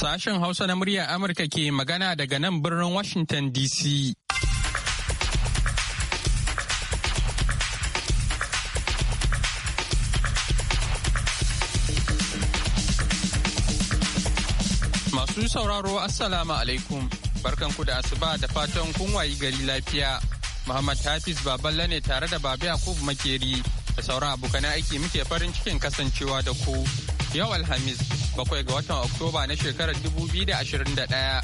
Sashen Hausa na murya Amurka ke magana daga nan birnin Washington DC. Masu sauraro Assalamu alaikum. Barkanku da asuba da fatan kun wayi gari lafiya. Muhammad Hafiz Baballe ne tare da Babi Yakubu Makeri da sauran abokan aiki muke farin cikin kasancewa da ku. Yau Alhamis bakwai ga watan Oktoba na shekarar 2021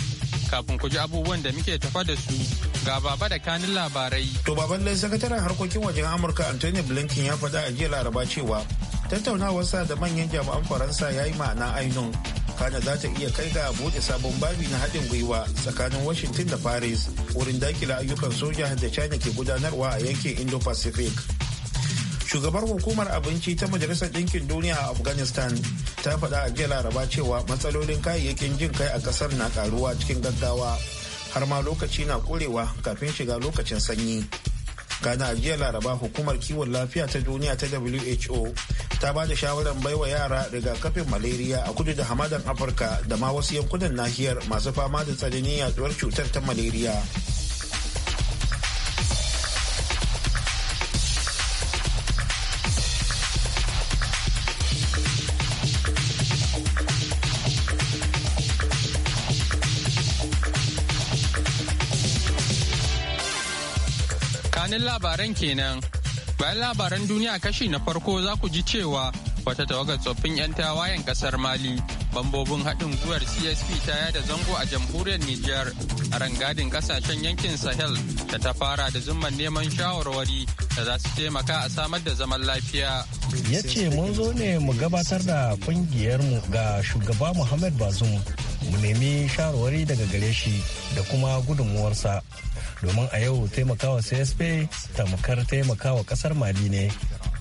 kafin ku ji abubuwan da muke tafa da su ga baba da kanin labarai. To baban lai sakataren harkokin wajen Amurka antony Blinken ya faɗa a jiya Laraba cewa tattaunawarsa da manyan jami'an Faransa ya yi ma'ana ainun. Kana za ta iya kai ga buɗe sabon babi na haɗin gwiwa tsakanin Washington da Paris wurin dakila ayyukan soja da China ke gudanarwa a yankin Indo-Pacific. shugabar hukumar abinci ta majalisar ɗinkin duniya a afghanistan ta faɗa a jiya laraba cewa matsalolin kayayyakin jin kai a ƙasar na ƙaruwa cikin gaggawa har ma lokaci na ƙurewa kafin shiga lokacin sanyi gana a jiya laraba hukumar kiwon lafiya ta duniya ta who ta ba da shawarar baiwa yara rigakafin malaria a kudu da hamadan afirka da ma wasu yankunan nahiyar masu fama da tsananin yaduwar cutar ta malaria kanin labaran kenan. Bayan labaran duniya kashi na farko za ku ji cewa wata tawagar tsoffin 'yan tawayen kasar Mali bambobin haɗin gwiwar CSP ta yada zango a jamhuriyar Nijar a rangadin kasashen yankin Sahel da ta fara da zumman neman shawarwari da za su taimaka a samar da zaman lafiya. Ya ce mun zo ne mu gabatar da kungiyarmu ga shugaba Muhammad Bazoum mu nemi shawarwari daga gare shi da kuma gudunmuwarsa domin a yau taimakawa csp tamkar taimakawa kasar mali ne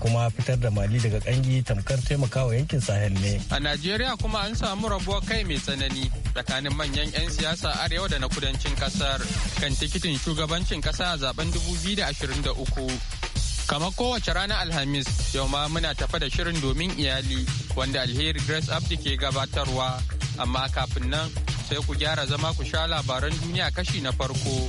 kuma fitar da mali daga kangi tamkar taimakawa yankin sahel ne a najeriya kuma an samu rabuwa kai mai tsanani tsakanin manyan 'yan siyasa arewa da na kudancin kasar kan tikitin shugabancin kasa a zaben 2023 Kamar kowace rana Alhamis, yau ma muna tafa da shirin domin iyali wanda alheri Grace Abdi ke gabatarwa amma kafin nan sai ku gyara zama ku sha labaran duniya kashi na farko.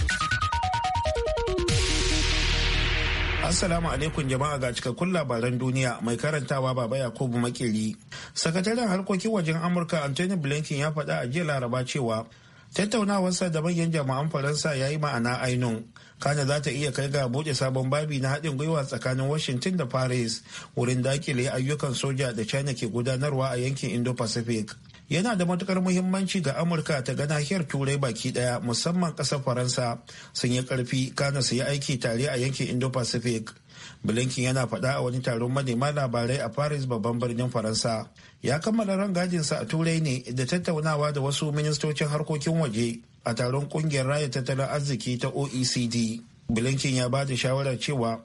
Assalamu alaikum jama'a ga cikakkun labaran duniya mai karantawa baba Yakubu Makeri. Sakataren harkokin wajen Amurka Anthony Blinken ya faɗa a jiya Laraba cewa tattaunawarsa da manyan jama'an Faransa ya yi ma'ana ainun. Kana za ta iya kai ga buɗe sabon babi na haɗin gwiwa tsakanin Washington da Paris wurin dakile ayyukan soja da China ke gudanarwa a yankin Indo-Pacific. yana da matukar muhimmanci ga amurka ta ga nahiyar turai baki daya musamman kasar faransa sun yi karfi kana su yi aiki tare a yankin indo-pacific blinken yana faɗa a wani taron manema labarai a paris babban birnin faransa ya kammala rangajinsa a turai ne da tattaunawa da wasu ministocin harkokin waje a taron kungiyar raya tattalin arziki ta oecd blinken ya ba da shawarar cewa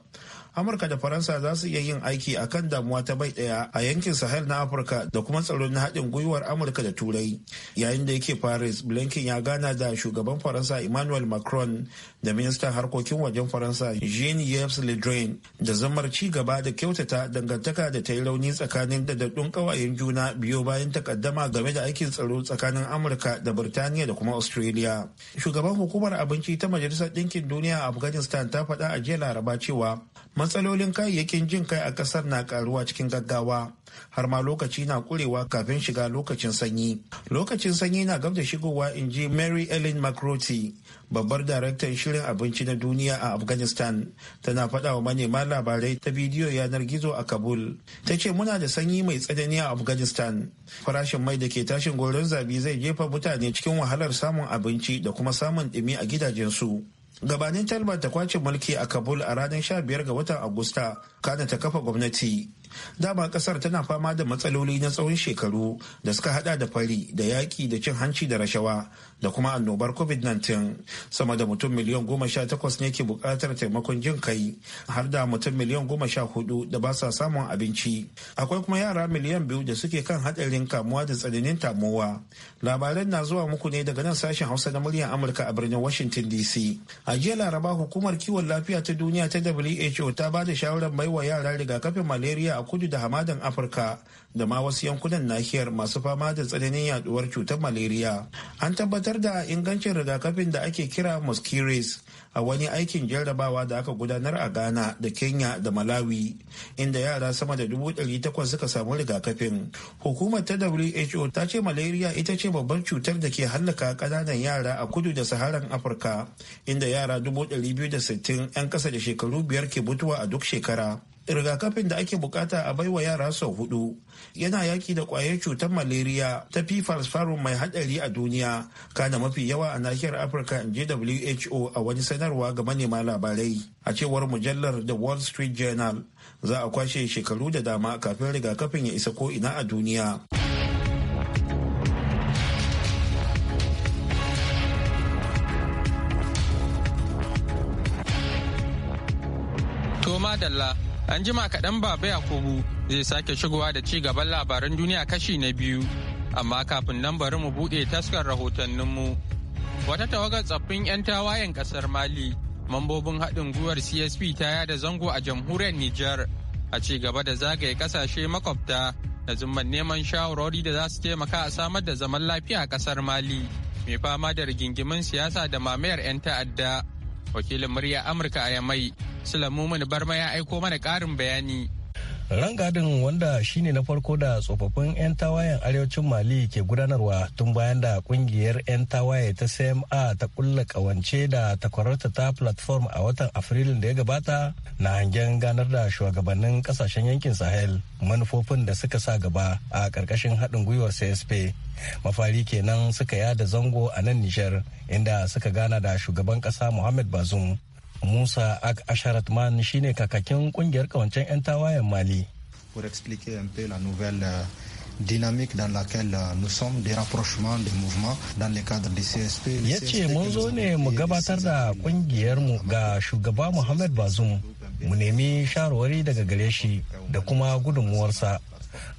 amurka da faransa za su iya yin aiki a kan damuwa ta bai daya a yankin sahel na afirka da kuma tsaro na haɗin gwiwar amurka da turai yayin da yake paris blinken ya gana da shugaban faransa emmanuel macron da ministan harkokin wajen faransa jean yves le drian da zamar ci gaba da kyautata dangantaka da ta yi rauni tsakanin da ƙawayen juna biyo bayan takaddama game da aikin tsaro tsakanin amurka da birtaniya da kuma australia shugaban hukumar abinci ta majalisar ɗinkin duniya a afghanistan ta faɗa a jiya laraba cewa matsalolin kayayyakin jin kai a kasar na karuwa cikin gaggawa har ma lokaci na kurewa kafin shiga lokacin sanyi lokacin sanyi na gab shigowa in ji mary ellen mcroti babbar daraktan shirin abinci na duniya a afghanistan tana faɗa wa manema labarai ta bidiyo yanar gizo a kabul ta ce muna da sanyi mai tsanani a afghanistan farashin mai da ke tashin goron zabi zai jefa mutane cikin wahalar samun abinci da kuma samun ɗumi a gidajensu gabanin talba ta kwace mulki a kabul a ranar 15 ga watan agusta kana ta kafa gwamnati dama kasar tana fama da matsaloli na tsawon shekaru da suka hada da fari da yaƙi da cin hanci da rashawa da kuma annobar covid-19 sama da mutum miliyan goma sha takwas ne ke buƙatar taimakon jin kai har da mutum miliyan goma sha hudu da ba sa samun abinci akwai kuma yara miliyan biyu da suke kan hadarin kamuwa da tsananin tamowa labaran na zuwa muku ne daga nan sashen hausa na muryar amurka a birnin washington dc a jiya laraba hukumar kiwon lafiya ta duniya ta who ta ba da shawarar baiwa yara rigakafin malaria a kudu da hamadan afirka da ma wasu yankunan nahiyar masu fama da tsananin yaduwar cutar malaria an tabbatar da ingancin rigakafin da ake kira mosquitoes a wani aikin jarrabawa da aka gudanar a ghana da kenya da malawi inda yara sama da dubu takwas suka samu rigakafin hukumar ta who ta ce malaria ita ce babbar cutar da ke hallaka ƙananan yara a kudu da saharan afirka inda yara dubu biyu da sittin 'yan ƙasa da shekaru biyar ke mutuwa a duk shekara rigakafin da ake bukata a baiwa yara sau hudu yana yaki da kwayar cutar malaria ta fifarsfarum mai hadari a duniya kana mafi yawa a nahiyar afirka in who a wani sanarwa ga manema labarai a cewar mujallar the wall street journal za a kwashe shekaru da dama kafin rigakafin ya isa ko ina a duniya Toma Dalla An jima kaɗan baba Yakubu zai sake shigowa da ci gaban labaran duniya kashi na biyu. Amma kafin nan bari mu buɗe taskar rahotanninmu. Wata tawagar tsaffin 'yan tawayen ƙasar Mali, mambobin haɗin gwiwar CSP ta yada zango a jamhuriyar Nijar. A ci gaba da zagaye ƙasashe makwabta da zumman neman shawarwari da za su taimaka a samar da zaman lafiya a ƙasar Mali. Mai fama da rigingimin siyasa da mamayar 'yan ta'adda. wakilin murya amurka a yamai sulamumin barma ya aiko mana karin bayani rangadin wanda shine na farko da tsofaffin 'yan tawayen arewacin mali ke gudanarwa tun bayan da kungiyar 'yan tawaye ta cma ta kulla kawance da takwararta ta platform a watan afrilun da ya gabata na hangen ganar da shugabannin kasashen yankin sahel manufofin da suka sa gaba a karkashin haɗin gwiwar csp mafari kenan suka yada zango a nan nijar inda suka gana da shugaban ƙasa muhammad bazum Musa ak Asharatman shine kakakin kungiyar kawancen 'yan tawayen Mali. Pour expliquer un peu la nouvelle euh, dynamique dans laquelle euh, nous sommes des rapprochements des mouvements dans le cadre du CSP. Ya ce mun zo ne mu gabatar da euh, kungiyarmu ga shugaba Muhammad Bazoum mu nemi shawarwari daga gare shi da kuma gudunmuwarsa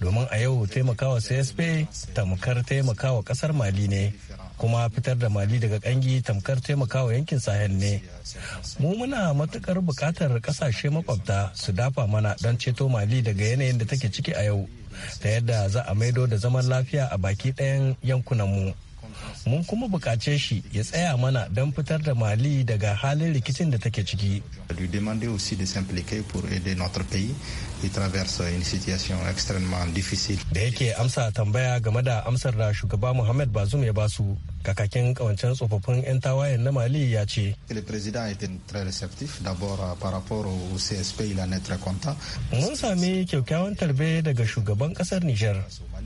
domin a yau taimakawa CSP tamkar taimakawa kasar Mali ne kuma fitar da mali daga kangi tamkar taimakawa yankin sahel ne mu muna matukar bukatar kasashe makwabta su dafa mana don ceto mali daga yanayin da take ciki a yau ta yadda za a maido da zaman lafiya a baki ɗayan mu mun kuma bukace shi ya tsaya mana don fitar da mali daga halin rikicin da take ciki il traverse une Da yake amsa tambaya game da amsar da shugaba Muhammad Bazoum ya basu kakakin kawancen tsofaffin 'yan tawayen na Mali ya ce. Le président Mun sami kyaukyawan tarbe daga shugaban kasar Niger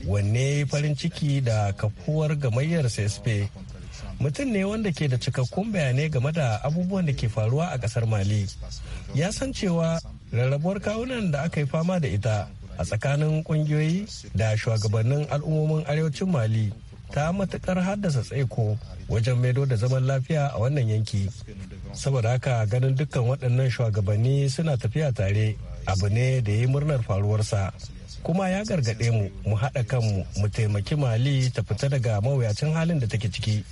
wanne farin ciki da kafuwar gamayyar CSP. mutum ne wanda ke da cikakkun bayanai game da abubuwan da ke faruwa a kasar mali ya san cewa rarrabuwar kawunan da aka yi fama da ita a tsakanin kungiyoyi da shugabannin al'ummomin arewacin mali ta matukar haddasa tsaiko wajen maido da zaman lafiya a wannan yanki saboda haka ganin dukkan waɗannan shugabanni suna tafiya tare abu ne da ya yi murnar faruwarsa kuma ya gargaɗe mu mu haɗa kanmu mu taimaki mali ta fita daga mawuyacin halin da take ciki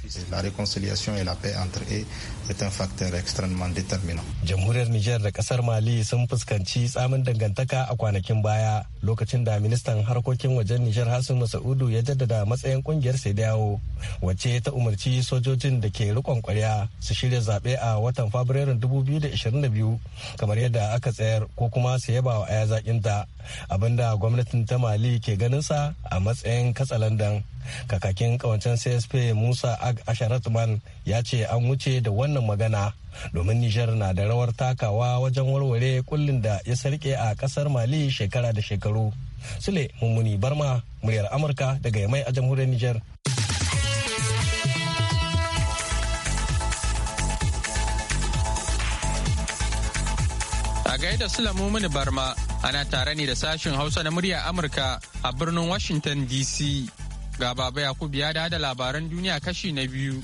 jamhuriyar nijar da kasar mali sun fuskanci tsamin dangantaka a kwanakin baya lokacin da ministan harkokin wajen nijar hassan masaudu ya jaddada matsayin kungiyar sai dawo wacce ta umarci sojojin da ke rikon kwarya su shirya zaɓe a watan fabrairun 2022 kamar yadda aka tsayar ko kuma su yaba wa aya zaƙinta abinda gwamnatin ta mali ke ganin sa a matsayin katsalandan kakakin kawancen csp musa ag asharatman ya ce an wuce da wannan magana domin nijar na da rawar takawa wajen warware kullum da ya sarke a kasar mali shekara da shekaru sule mummuni barma muryar amurka daga yamai a jamhuriyar nijar a gaida sulamu mini barma Ana tare ne da sashin Hausa na murya Amurka a birnin Washington DC. Ga Baba Yakubu ya da labaran duniya kashi na biyu.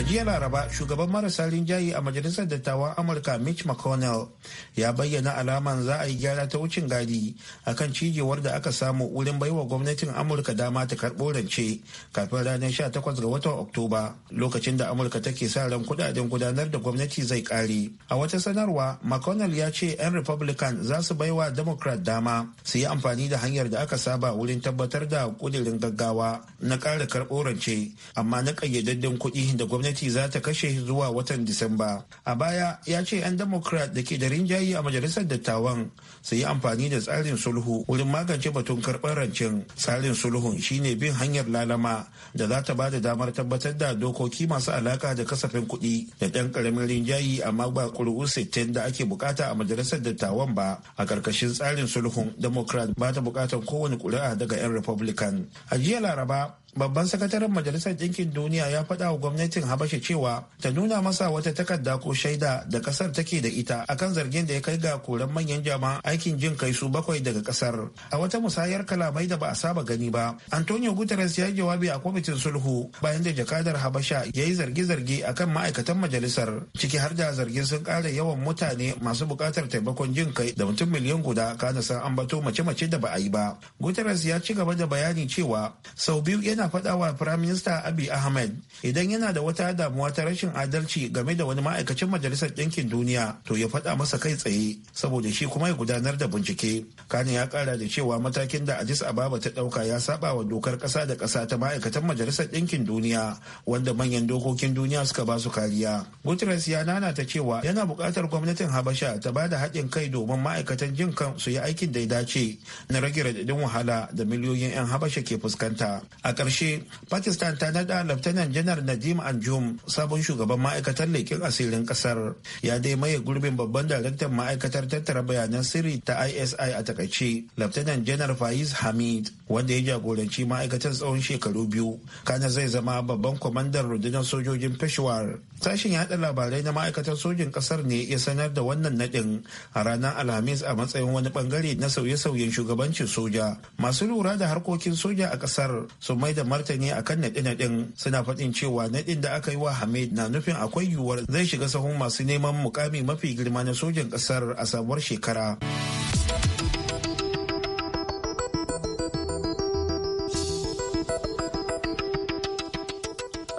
a jiya laraba shugaban marasa rinjaye a majalisar dattawan amurka mitch mcconnell ya bayyana alaman za a yi gyara ta wucin gadi a kan cijewar da aka samu wurin baiwa gwamnatin amurka dama ta karɓo rance kafin ranar sha takwas ga watan oktoba lokacin da amurka take sa ran kudaden gudanar da gwamnati zai kare a wata sanarwa mcconnell ya ce 'yan republican za su baiwa democrat dama su yi amfani da hanyar da aka saba wurin tabbatar da kudirin gaggawa na ƙara karɓo rance amma na ƙayyadaddun kuɗi da gwamnati gwamnati za ta kashe zuwa watan Disamba. A baya ya ce 'yan Democrat da ke da rinjaye a majalisar dattawan su yi amfani da tsarin sulhu wurin magance batun karɓar rancen Tsarin sulhun shine bin hanyar lalama da za ta da damar tabbatar da dokoki masu alaka da kasafin kuɗi da ɗan ƙaramin rinjaye amma ba ƙuri'u sittin da ake bukata a majalisar dattawan ba a ƙarƙashin tsarin sulhun Democrat ba ta buƙatar kowane ƙuri'a daga 'yan Republican. A jiya Laraba babban sakataren majalisar ɗinkin duniya ya faɗa wa gwamnatin habasha cewa ta nuna masa wata takarda ko shaida da ƙasar take da ita akan zargin da ya kai ga koran manyan jama'a aikin jin kai su bakwai daga ƙasar a wata musayar kalamai da ba a saba gani ba antonio guterres ya yi jawabi a kwamitin sulhu bayan da jakadar habasha ya yi zarge-zarge kan ma'aikatan majalisar ciki har da zargin sun ƙara yawan mutane masu buƙatar taimakon jin kai da mutum miliyan guda kana san ambato mace-mace da ba a yi ba guterres ya ci gaba da bayani cewa sau biyu yana yana faɗa wa Prime Minister Abiy Ahmed idan yana da wata damuwa ta rashin adalci game da wani ma'aikacin Majalisar Ɗinkin Duniya to ya faɗa masa kai tsaye saboda shi kuma ya gudanar da bincike. Kani ya kara da cewa matakin da Addis Ababa ta ɗauka ya saba wa dokar ƙasa da ƙasa ta ma'aikatan Majalisar Ɗinkin Duniya wanda manyan dokokin duniya suka ba su kariya. Guterres ya nanata cewa yana buƙatar gwamnatin Habasha ta ba da haɗin kai domin ma'aikatan jin kan su yi aikin da ya dace na rage raɗaɗin wahala da miliyoyin 'yan Habasha ke fuskanta. A ƙarshe pakistan ta nada laftanan janar nadim anjum sabon shugaban ma'aikatar leƙen asirin ƙasar ya dai maye gurbin babban daraktan ma'aikatar tattara bayanan sirri ta isi a takaice laftanan janar faiz hamid wanda ya jagoranci ma'aikatar tsawon shekaru biyu kana zai zama babban kwamandan rundunar sojojin peshawar sashen yaɗa labarai na ma'aikatar sojin ƙasar ne ya sanar da wannan naɗin a ranar alhamis a matsayin wani bangare na sauye-sauyen shugabancin soja masu lura da harkokin soja a ƙasar sun mai da martani akan naɗe-naɗen suna faɗin cewa naɗin da aka yi wa Hamid na nufin akwai yiwuwar zai shiga sahun masu neman mukami mafi girma na sojan ƙasar a sabuwar shekara.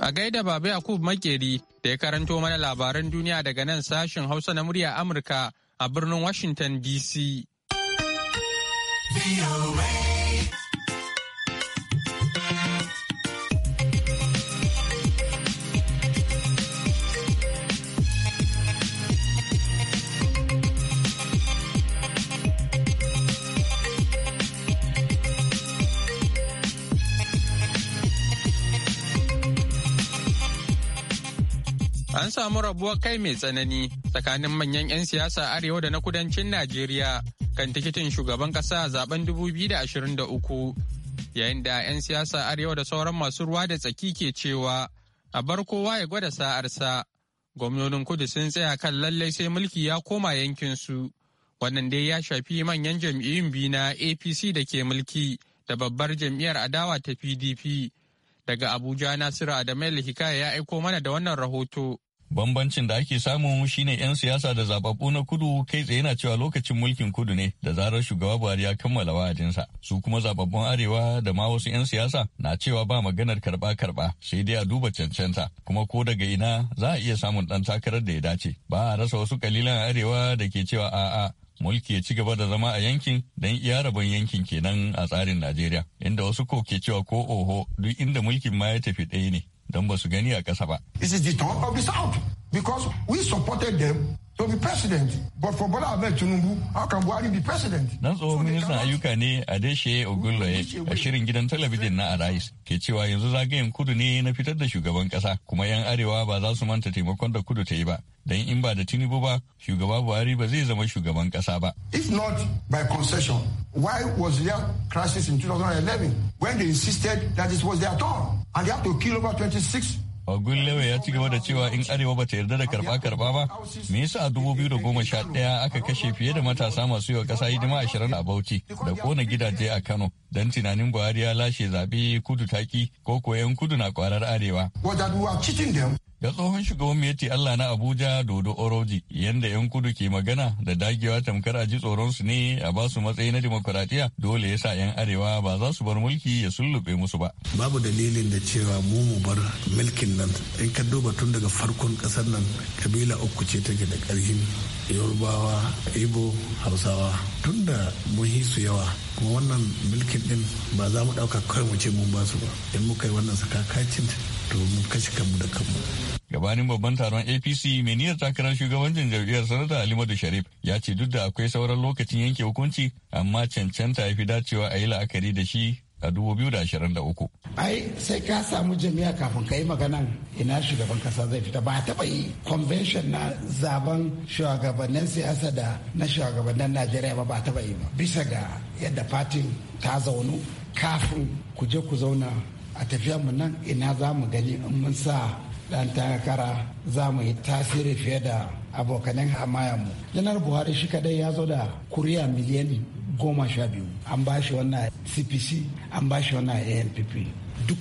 A gaida Baba Yakub Makeri da ya karanto mana labaran duniya daga nan sashen Hausa na murya Amurka a birnin Washington DC. samu rabuwar kai mai tsanani tsakanin manyan 'yan siyasa arewa da na kudancin Najeriya kan tikitin shugaban kasa zaben 2023 yayin da 'yan siyasa arewa da sauran masu ruwa da tsaki ke cewa a bar kowa ya gwada sa'arsa gwamnonin kudu sun tsaya kan lallai sai mulki ya koma yankin su wannan dai ya shafi manyan jam'iyyun biyu na apc da ke mulki da babbar jam'iyyar adawa ta pdp daga abuja nasiru adamu hikaya ya aiko mana da wannan rahoto Bambancin da ake samu shine 'yan siyasa da zababbu na kudu kai tsaye na cewa lokacin mulkin kudu ne da zarar shugaba Buhari ya kammala wa'adinsa. Su kuma zababbun arewa da ma wasu 'yan siyasa na cewa ba maganar karba karba sai dai a duba cancanta kuma ko daga ina za a iya samun dan takarar da ya dace. Ba a rasa wasu kalilan arewa da ke cewa a'a mulki ya ci gaba da zama a yankin don iya rabon yankin kenan a tsarin Najeriya. Inda wasu ko ke cewa ko oho duk inda mulkin ma ya tafi ɗaya ne. don ba su gani a ƙasa ba. It is the turn of the South because we supported them to be president but for Bola Ahmed Tinubu how can Buhari be president. Nan tsohon ministan ayyuka ne Adeshe Ogunloye a shirin gidan talabijin na Arise ke cewa yanzu zagayen kudu ne na fitar da shugaban ƙasa kuma 'yan arewa ba za su manta taimakon da kudu ta yi ba. don in ba da tinubu ba shugaba buhari ba zai zama shugaban kasa ba if not by concession why was there crisis in 2011 when they insisted that it was their turn and they have to kill over 26 Lewe ya ci gaba da cewa in Arewa bata yarda da karba-karba ba, me yasa a 2011 aka kashe fiye da matasa masu yawa ƙasa hidima ashirin a Bauchi da kona gidaje a Kano don tunanin Buhari ya lashe zaɓe kudu taki ko koyan kudu na kwarar Arewa. Ga tsohon shugaban meti Allah na Abuja Dodo Oroji yanda 'yan kudu ke magana da dagewa tamkar a ji tsoronsu ne a ba su matsayi na demokuraɗiyya dole ya sa 'yan arewa ba za su bar mulki ya sullube musu ba. Babu dalilin da cewa mu mu bar milkin nan in ka duba tun daga farkon ƙasar nan kabila uku ce take da ƙarfin Yorubawa, ibo Hausawa tun da mun su yawa kuma wannan milkin din ba za mu ɗauka kawai mu ce mun ba su ba in muka yi wannan sakakacin domin kashe kanmu da kanmu. gabanin babban taron apc mai niyyar takarar shugabancin jam'iyyar sanata alimadu sharif ya ce duk da akwai sauran lokacin yanke hukunci amma cancanta ya fi dacewa a yi la'akari da shi a ashirin 2023. ai sai ka samu jami'a kafin ka yi maganan ina shugaban kasa zai fita ba taɓa yi convention na zaben shugabannin siyasa da na shugabannin najeriya ba ba taɓa yi ba bisa ga yadda fatin ta zaunu kafin ku je ku zauna a tafiyar mu nan ina za mu gani in mun sa dan takara za mu yi tasiri fiye da abokanin hamayanmu janar buhari shi kadai ya zo da kuriya miliyan goma sha biyu an ba shi wannan cpc an ba shi wannan anpp duk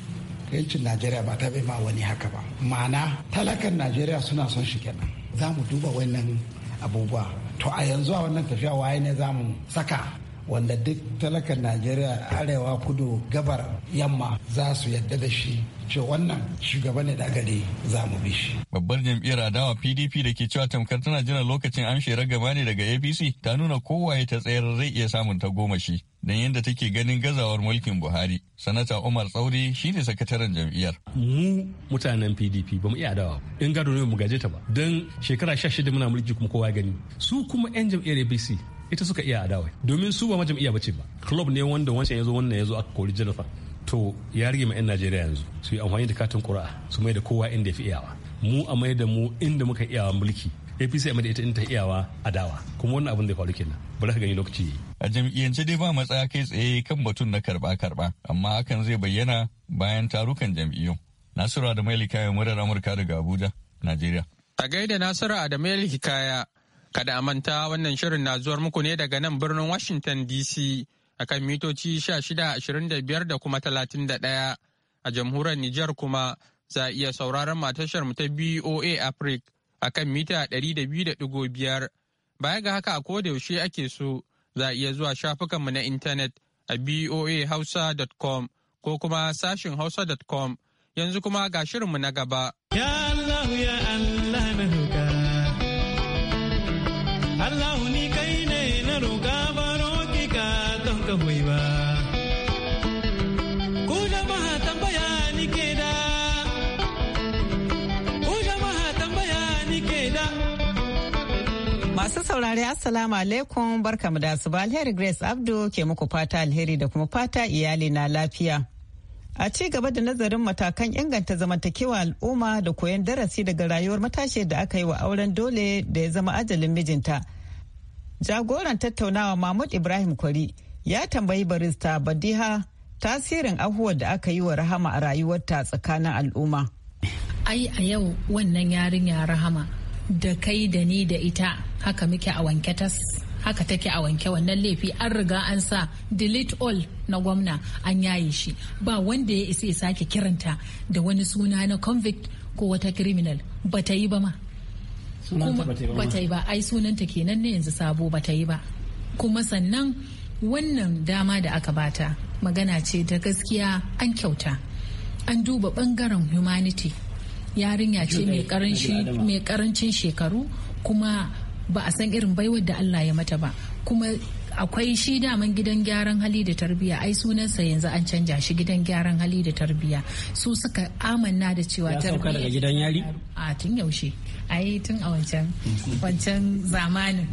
yancin najeriya ba ta bai ma wani haka ba ma'ana talakan najeriya suna son shi kenan za mu duba wannan abubuwa to a yanzu a wannan tafiya waye ne za mu saka wanda duk talakan najeriya arewa kudu gabar yamma za su yadda da shi ce wannan shugaban ne da gari za mu bi shi. Babbar jam'iyyar adawa PDP da ke cewa tamkar tana jiran lokacin amshe gama ne daga APC ta nuna kowaye ta tsayar zai iya samun ta goma shi. Don yadda take ganin gazawar mulkin Buhari, Sanata Umar Tsauri shi sakataren jam'iyyar. Mu mutanen PDP ba mu iya adawa in gado ne mu gaje ta ba. Don shekara 16 muna mulki kuma kowa gani. Su kuma 'yan jam'iyyar APC ita suka iya adawa domin su ba ma jam'iyya bace ba club ne wanda wancan ya zo wannan ya zo aka kori Jennifer to ya rage ma 'yan Najeriya yanzu su yi amfani da katin kura su mai da kowa inda ya fi iyawa mu a mai da mu inda muka iyawa mulki apc a da ita inda ta iyawa adawa kuma wannan abin da faru kenan bari ka gani lokaci a jam'iyyance dai ba matsaya kai tsaye kan batun na karba karba amma hakan zai bayyana bayan tarukan jam'iyyu nasura da mai likayen murar amurka daga abuja najeriya a gaida nasura da mai likaya Kada a manta wannan shirin na zuwar muku ne daga nan birnin Washington DC a kan mitoci 1625 da kuma 31 a jamhuriyar Nijar kuma za a iya sauraron matashar mu ta BOA Africa a kan mita 200.5 baya ga haka a yaushe ake so za a iya zuwa shafukanmu na intanet a boahausa.com ko kuma sashin hausa.com yanzu kuma ga shirinmu na gaba. Ya Allah ya Masu saurari Assalamu alaikum barkamu da su ba alheri Grace Abdu ke muku fata alheri da kuma fata iyali na lafiya. A ci gaba da nazarin matakan inganta zamantakewa al'umma da koyon darasi daga rayuwar matashi da aka yi wa auren dole da ya zama ajalin mijinta. Jagoran tattaunawa Mahmud Ibrahim Kwari ya tambayi barista Badiha tasirin ahuwar da aka yi wa rahama a rayuwarta tsakanin al'umma. Ai a yau wannan yarinya rahama da kai da ni da ita haka muke a wanke tas haka take a wanke wannan laifi an riga an sa delete all na gwamna an yaye shi ba wanda ya isa ya sake kiranta da wani suna na convict ko wata criminal bata yi ba ma bata yi ba ai sunanta kenan ne yanzu sabo bata yi ba kuma sannan wannan dama da aka bata magana ce ta gaskiya an kyauta an duba bangaren humanity yarinya ce mai karancin shekaru kuma ba a san irin baiwar da Allah ya mata ba kuma akwai shi daman gidan gyaran hali da tarbiya ai sunansa yanzu an canja shi gidan gyaran hali da tarbiya su suka amanna da cewa tarbiya ya daga gidan yari a tun yaushe ai tun a wancan zamanin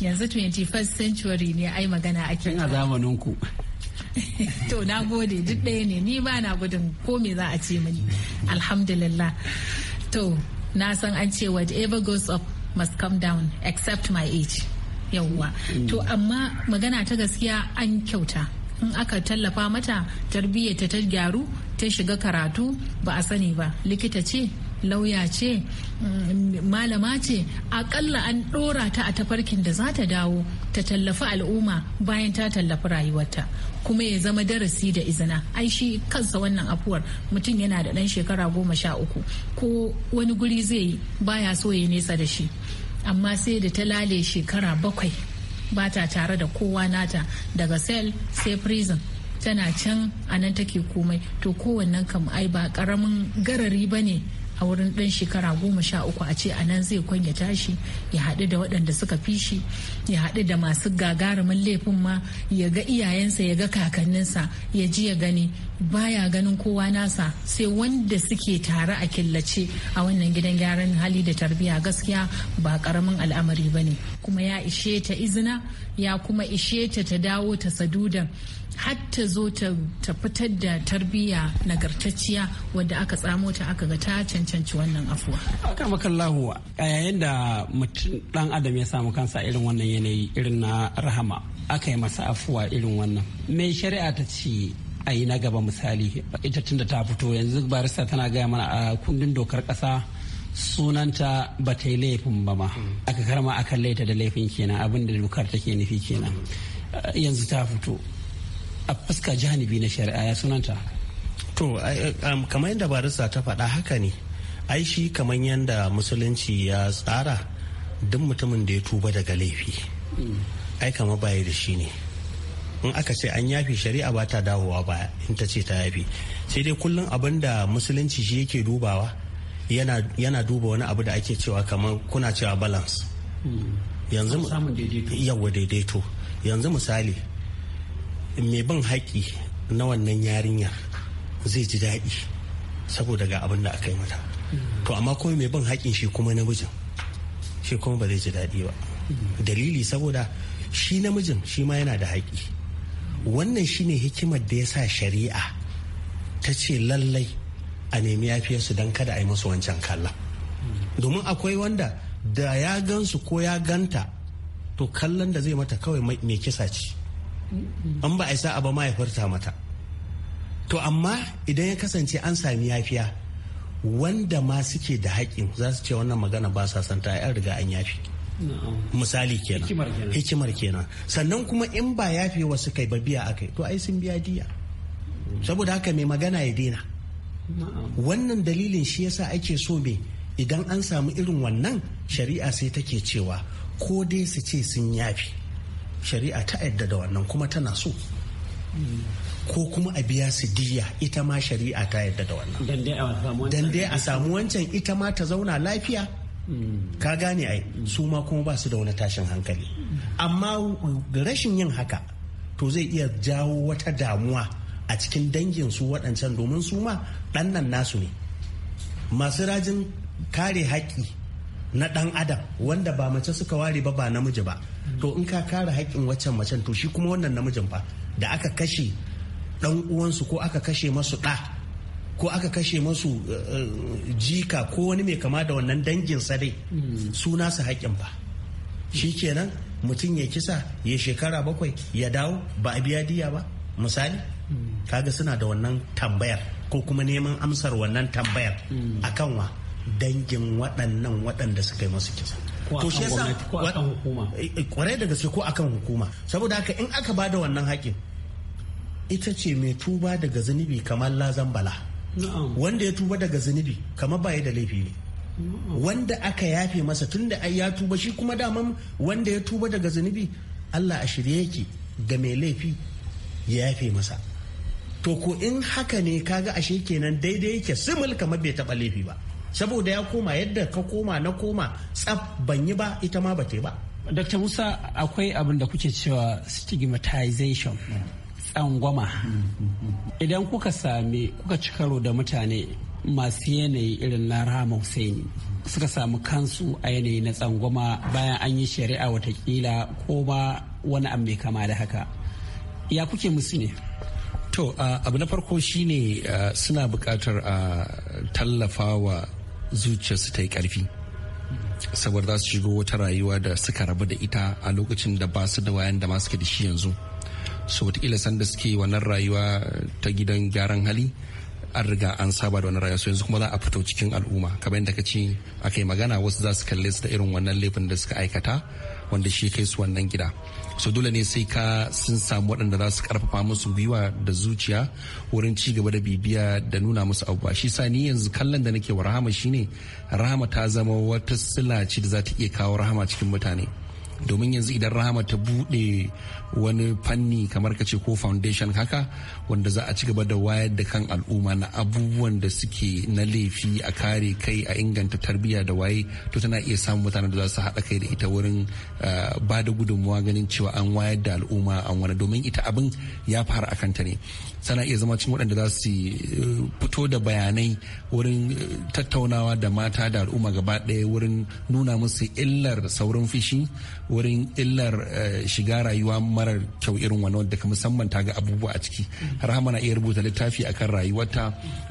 yanzu 21st century ne ai magana ake a zamanin ku to na gode duk ɗaya ne ni ba na gudun ko me za a ce mani alhamdulillah to na san an ce whatever goes up must come down except my age yawwa to amma magana ta gaskiya an kyauta in aka tallafa mata tarbiyyata ta gyaru ta shiga karatu ba a sani ba likita ce lauya ce malama ce akalla an ɗora ta a tafarkin da za ta dawo ta tallafi al'umma bayan ta tallafi rayuwarta kuma ya zama darasi da izina ai shi kansa wannan afuwar mutum yana da ɗan shekara goma sha uku ko wani guri zai yi baya so ya nesa da shi amma sai da ta lale shekara bakwai ba ta tare da kowa nata daga sel sai prison tana can a nan take komai to kowannen kam ai ba ƙaramin garari ba ne a wurin ɗan shekara goma sha uku a ce a nan zai kwanya tashi ya haɗu da waɗanda suka fi shi ya haɗu da masu gagarumin laifin ma ya ga iyayensa ya ga kakanninsa ya ji ya gani baya ganin kowa nasa sai wanda suke tare a killace a wannan gidan gyaran hali da tarbiyya gaskiya ba karamin al'amari ba ne kuma ya ishe ta izina ya kuma ishe ta ta dawo ta sadudan har ta zo ta fitar da tarbiyya nagartacciya wadda aka tsamo ta aka ga ta cancanci cancanci wannan afuwa. Akar lahuwa a yayin da mutum dan adam ya samu kansa irin wannan yanayi irin na rahama aka yi masa afuwa irin wannan. Me shari'a ta ce a yi na gaba misali ita tunda ta fito yanzu barista tana gaya mana a kundin dokar kasa sunanta ba ta yi laifin ba ma aka karma aka laita da laifin kenan abin da dokar take nufi kenan yanzu ta fito a fuska janibi na shari'a ya sunanta to kamar yadda barista ta faɗa haka ne ai shi kamar yadda musulunci ya tsara duk mutumin da ya tuba daga laifi ai kamar baya da shi ne in aka ce an yafi shari'a ba ta dawowa ba in ta ce ta yafi sai dai kullum abin da musulunci shi yake dubawa yana duba wani abu da ake cewa kamar kuna cewa balance hmm. yanzu yawa daidaito yanzu misali mai bin haƙi na wannan yarinyar zai ji daɗi saboda ga abin da aka yi mata to amma kuma mai bin haƙin shi kuma namijin shi kuma ba zai ji daɗi ba dalili saboda shi namijin shi ma yana da haƙi wannan shi ne hikimar da ya sa shari'a ta ce lallai a nemi yafiyarsu don kada a yi musu wancan kalla. domin akwai wanda da ya gansu ko ya ganta to kallon da zai mata kawai mai kisa ce an ba a isa abu ma ya mata to amma idan ya kasance an sami yafiya wanda ma suke da haƙƙin za su ce wannan magana ba sa ta an riga an yafi misali kenan hikimar kenan sannan kuma in ba yafe wa suka ba biya akai to ai sun biya diya saboda haka mai magana ya daina wannan dalilin shi yasa ake so me idan an samu irin wannan shari'a sai take cewa ko dai su ce sun yafi shari'a ta yadda da wannan kuma tana so hmm. ko kuma a biya su diya ita ma shari'a ta yadda da wannan dan dai a samu wancan ita ma ta zauna lafiya hmm. ka gane ai su ma kuma ba su da wani tashin hankali amma rashin yin haka to zai iya jawo wata damuwa a cikin dangin su waɗancan domin su ma ɗan nan nasu ne masu rajin kare haƙƙi na ɗan adam wanda ba mace suka ware ba ba namiji ba to in ka kare haƙƙin waccan macen to shi kuma wannan namijin fa da aka kashe dan uwansu ko aka kashe masu ɗa ko aka kashe masu eh, eh, jika ko wani mai kama da wannan dangin sa dai suna hmm. su haƙƙin ba shikenan mutum ya kisa ya shekara bakwai ya dawo ba a biya diya ba misali hmm. kaga suna da wannan tambayar ko kuma neman amsar wannan tambayar hmm. akan wa dangin waɗannan waɗanda suka yi masu kisa ko shi yasa kwarai eh, da gaske ko akan hukuma saboda haka in aka bada wannan haƙin ita ce mai tuba daga zunubi kamar lazan bala wanda ya tuba daga zunubi kamar baya da laifi ne wanda aka yafe masa tun da ya tuba shi kuma daman wanda ya tuba daga zunubi Allah a shirye yake ga mai laifi ya yafe masa to ko in haka ne kaga ashe kenan daidai yake simul kamar bai taba laifi ba saboda ya koma yadda ka koma na koma tsaf ban yi ba ita ma ba ba. Dr. Musa akwai abin da kuke cewa stigmatization. tsangwama idan kuka sami kuka ci karo da mutane masu yanayi irin na rama Hussaini suka samu kansu a yanayi na tsangwama bayan an yi shari'a watakila ko ba wani abu mai kama da haka ya kuke musu ne to abu na farko shine suna buƙatar a tallafa wa zuciyarsu ta yi karfi saboda za su shigo wata rayuwa da suka rabu da ita a lokacin da ba su da wayan da masu da shi yanzu so wataƙila da suke wannan rayuwa ta gidan gyaran hali an riga an saba da wani rayuwa yanzu kuma za a fito cikin al'umma kamar yadda ka ce aka yi magana wasu za su kalle su da irin wannan laifin da suka aikata wanda shi kai su wannan gida so dole ne sai ka sun samu waɗanda za su karfafa musu gwiwa da zuciya wurin ci gaba da bibiya da nuna musu abubuwa shi sa ni yanzu kallon da nake wa rahama shine rahama ta zama wata sila ce da za ta iya kawo rahama cikin mutane domin yanzu idan rahama ta bude wani fanni kamar ka ce ko foundation haka wanda za a ci gaba da wayar da kan al'umma na abubuwan da suke na laifi a kare kai a inganta tarbiyya da waye to tana iya samun mutane da za su haɗa kai da ita wurin eh, ba da gudunmuwa ganin cewa an wayar da al'umma an wani domin ita abin ya fara a kanta ne sana iya zama cikin waɗanda za su eh, fito da bayanai wurin eh, tattaunawa da mata da al'umma gaba ɗaya wurin nuna musu illar saurin fishi wurin illar eh, shiga rayuwa marar kyau irin wani wadda ka musamman ta ga abubuwa a ciki har hama na iya rubuta littafi akan rayuwarta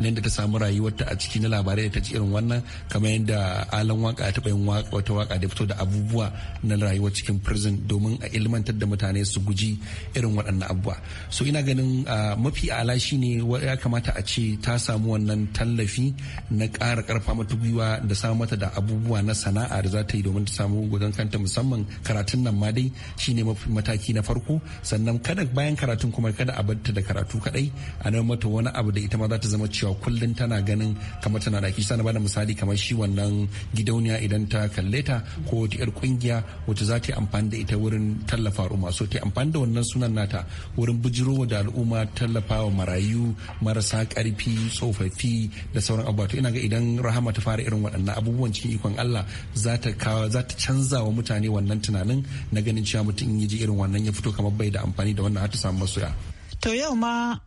yadda ta samu rayuwarta a ciki na labarai da ta ci irin wannan kamar yadda alan waka ya taɓa yin wata waka da fito da abubuwa na rayuwa cikin prison domin a ilmantar da mutane su guji irin waɗannan abubuwa so ina ganin ah, mafi mafi ala shine ya kamata a ce ta samu wannan tallafi na ƙara ƙarfa mata gwiwa da samu mata da abubuwa na sana'a da za ta yi domin ta samu gudan kanta musamman karatun nan ma dai ne mataki na farko sannan kada bayan karatun kuma kada a barta da karatu kadai a nan mata wani abu da ita ma za ta zama cewa kullum tana ganin kamar tana da kisa na bada misali kamar shi wannan gidauniya idan ta kalle ta ko wata yar kungiya wacce za ta yi amfani da ita wurin tallafa al'umma so ta yi amfani da wannan sunan nata wurin bijiro da al'umma tallafa tallafawa marayu marasa karfi tsofaffi da sauran abubuwa ina ga idan rahama ta fara irin waɗannan abubuwan cikin ikon Allah za ta kawo za ta canza wa mutane wannan tunanin na ganin cewa mutum ya ji irin wannan ya fito kamar bai da amfani da wannan har ta samu masoya to yau ma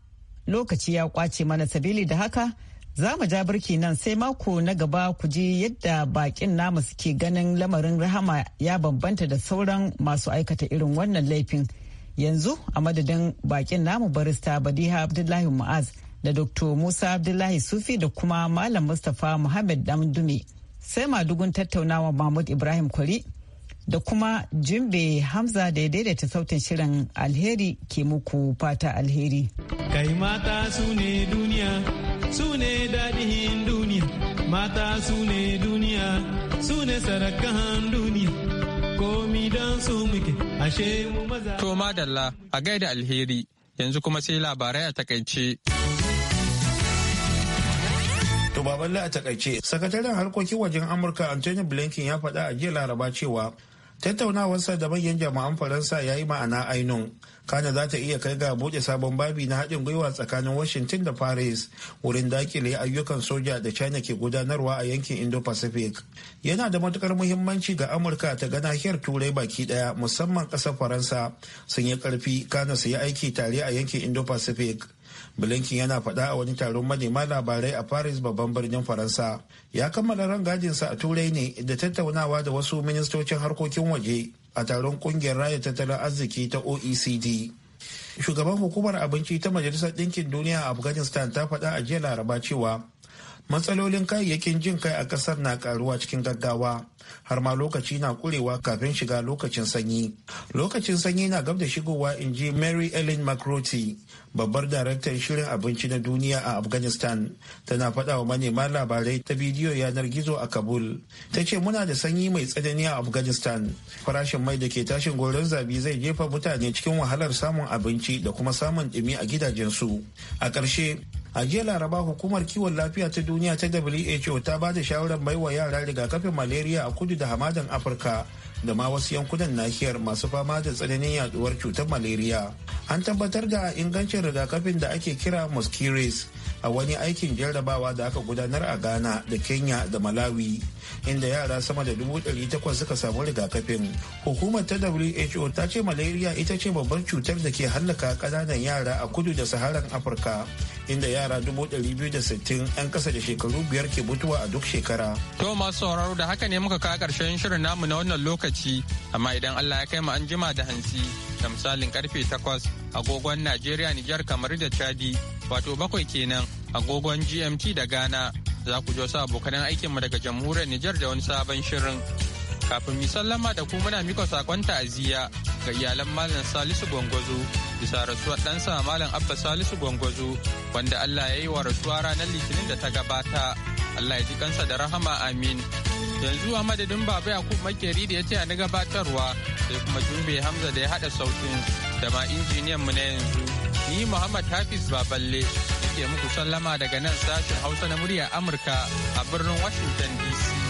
lokaci ya kwace mana sabili da haka za mu ja birki nan sai mako na gaba ku ji yadda bakin namu suke ganin lamarin rahama ya bambanta da sauran masu aikata irin wannan laifin yanzu a madadin bakin namu barista badiha abdullahi mu'az da dr musa abdullahi sufi da kuma malam mustapha muhammad damdume sai madugun tattaunawa mahmud ibrahim kwari da kuma jimbe hamza da ya daidaita sautin shirin alheri ke muku fata alheri kai mata su ne duniya su ne dadihin duniya mata su ne duniya su ne duniya komi don su muke To madalla a gaida alheri yanzu kuma sai labarai a takaice. To baballe a takaice, sakataren harkokin wajen Amurka Anthony Blinken ya faɗa a jiya laraba cewa tattaunawarsa da manyan jama'an faransa ya yi ma'ana ainun kana za ta iya kai ga buɗe sabon babi na haɗin gwiwa tsakanin washington da paris wurin dakile ayyukan soja da china ke gudanarwa a yankin indo-pacific yana da matukar muhimmanci ga amurka ta ga nahiyar turai baki ɗaya musamman ƙasar faransa sun yi ƙarfi kana su yi aiki tare a yankin indo-pacific blinken yana faɗa a wani taron manema labarai a paris babban birnin faransa ya kammala rangajinsa a turai ne da tattaunawa da wasu ministocin harkokin waje a taron kungiyar raya tattalin arziki ta oecd shugaban hukumar abinci ta majalisar ɗinkin duniya a afghanistan ta faɗa a jiya laraba cewa matsalolin kayayyakin jin kai a kasar na karuwa cikin gaggawa har ma lokaci na kurewa kafin shiga lokacin sanyi lokacin sanyi na gab da shigowa in ji mary ellen mccrotty babbar daraktan shirin abinci na duniya a afghanistan tana faɗa wa manema labarai ta bidiyo yanar gizo a kabul ta ce muna da sanyi mai tsanani a afghanistan farashin mai da ke tashin goron zabi zai jefa mutane cikin wahalar samun abinci da kuma samun ɗumi a gidajensu a ƙarshe a jiya laraba hukumar kiwon lafiya ta duniya ta who ta ba da shawarar wa yara rigakafin malaria a kudu da hamadan afirka da ma wasu yankunan nahiyar masu fama da tsananin yaduwar cutar malaria an tabbatar da ingancin rigakafin da ake kira mosquitoes a wani aikin jarrabawa da aka gudanar a ghana da kenya da malawi inda yara sama da dubu takwas suka samu rigakafin hukumar ta who ta ce malaria ita ce babbar cutar da ke hallaka ƙananan yara a kudu da saharan afirka inda yara dubu biyu da sittin 'yan ƙasa da shekaru biyar ke mutuwa a duk shekara to masu sauraro da haka ne muka kawo karshen shirin namu na wannan lokaci amma idan allah ya kai mu an jima da hansi da misalin karfe takwas agogon najeriya nijar kamar da chadi wato bakwai kenan agogon GMT da Ghana za ku jo sa abokanan aikinmu daga jamhuriyar Nijar da wani sabon shirin. Kafin mu sallama da ku muna mika sakon ta'aziyya ga iyalan Malam Salisu Gwangwazo bisa rasuwar ɗansa Malam Abba Salisu Gwangwazo wanda Allah ya yi wa rasuwa ranar Litinin da ta gabata. Allah ya ji kansa da rahama amin. Yanzu a madadin Baba Yakub Makeri da ya ce na gabatarwa sai kuma Jumbe Hamza da ya haɗa sautin da ma injiniyan mu na yanzu. Ni Muhammad Hafiz Baballe ke muku sallama daga nan sashen Hausa na muryar Amurka a birnin Washington DC.